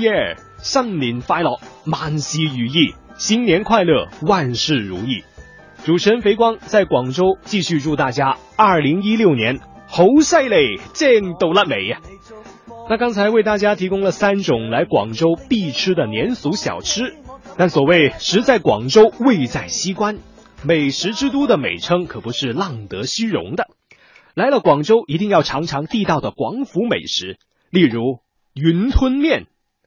耶！新年快樂，萬事如意。新年快樂，萬事如意。主持人肥光在廣州繼續祝大家二零一六年好犀利，蒸到甩眉呀！那剛才為大家提供了三種來廣州必吃的年俗小吃，但所謂食在廣州，味在西關，美食之都的美稱可不是浪得虛榮的。來了廣州一定要嘗嘗地道的廣府美食，例如雲吞麵。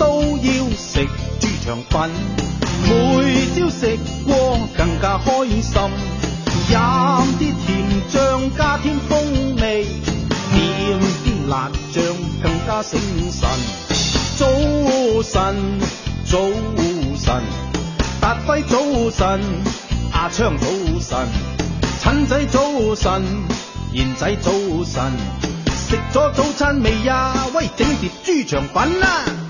都要食豬腸粉，每朝食過更加開心，飲啲甜醬加添風味，點啲辣醬更加醒神。早晨，早晨，達輝早晨，阿昌早晨，陳仔早晨，賢仔，仔早晨，食咗早餐未呀，啊？喂，整碟豬腸粉啦，啊。